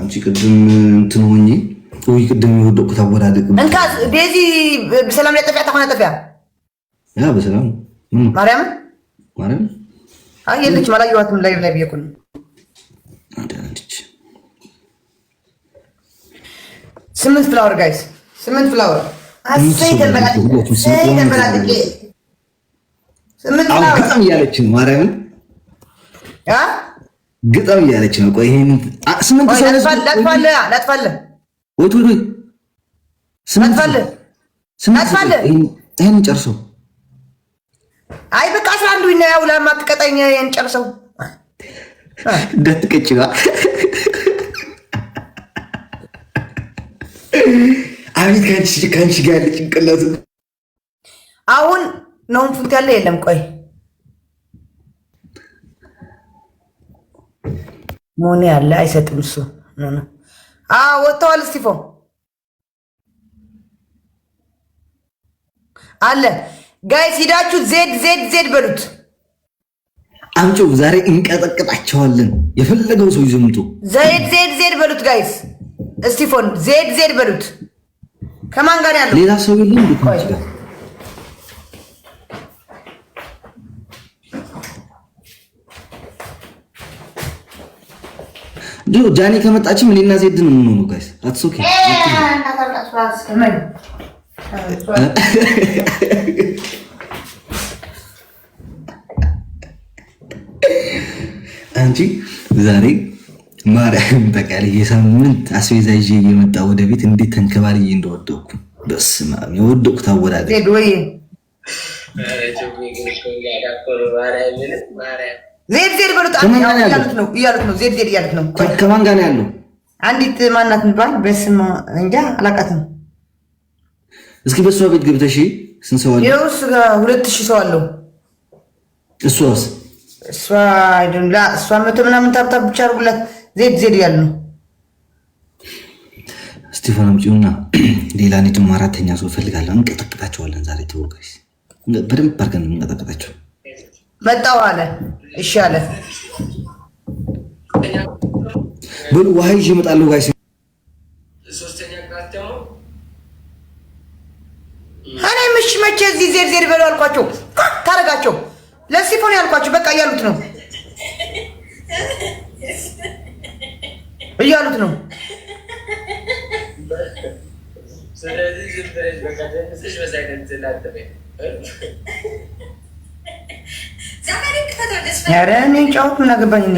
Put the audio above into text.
አንቺ ቅድም እንትን ሆኜ ወይ ቅድም የወደቅኩት አወዳደቅ ቤዚ በሰላም ላይ ጠፊያ ተሆነ ጠፊያ ያ በሰላም ማርያም ማርያም አይ የለችም፣ አላየኋትም። ላይ ላይ ብየኩን ስምንት ፍላወር ጋይስ፣ ስምንት ፍላወር ስምንት ፍላወር እያለችን ማርያምን ግጠም እያለች ነው። ቆይ ይሄን ስምንት ሰው ይሄን ጨርሰው። አይ በቃ አስራ አንዱ ይና ያው ለማትቀጠኝ ይሄን ጨርሰው እንዳትቀጭ ጋር አቤት ከአንቺ ጋር ያለ ጭንቅላት አሁን ነው ያለ የለም። ቆይ ሞኔ አለ አይሰጥም። እሱ ወጥተዋል። እስቲፎ አለ ጋይስ፣ ሂዳችሁ ዜድ ዜድ ዜድ በሉት። አምጮ ዛሬ እንቀጠቅጣቸዋለን። የፈለገው ሰው ይዘምጡ። ዜድ ዜድ ዜድ በሉት ጋይስ፣ እስቲፎን ዜድ ዜድ በሉት። ከማን ጋር ያለው ሌላ ሰው የለም። ጆ ጃኒ ከመጣችም እኔና ዜድ ነው የምንሆነው። ጋይስ አትስ ኦኬ። አንቺ ዛሬ ማርያም በቃል የሳምንት አስቤዛ ይዤ እየመጣ ወደ ቤት እንዴት ተንከባልዬ እንደወደኩ በስመ አብ የወደኩ ታወዳለ ዜድ ዜድ በሉት እያሉት ነው እያሉት ነው። እያሉት ነው። ከማን ጋር ነው ያለው? አንዲት ማናት ምባል በስም እንጃ አላውቃትም። እስኪ በእሷ ቤት ገብተሽ ስንት ሰው አለው? ይኸውስ ሁለት ሺህ ሰው አለው። እሷስ እሷ እሷ መቶ ምናምን ታብታ ብቻ አድርጉላት። ዜድ ዜድ ነው። አምጪውና ሌላ አራተኛ ሰው እፈልጋለሁ። እንቀጠቅጣቸዋለን ዛሬ በደንብ አድርገን እንቀጠቅጣቸው አለ እሺ አለ። ብል ውሃ ይዤ እመጣለሁ ጋይስ። እኔም ምሽ መቼ እዚህ ዜር ዜር በለው አልኳቸው። ታረጋቸው ለሲፎን ያልኳቸው በቃ እያሉት ነው እያሉት ነው። ኧረ እኔ ጫወት ምን አገባኝ?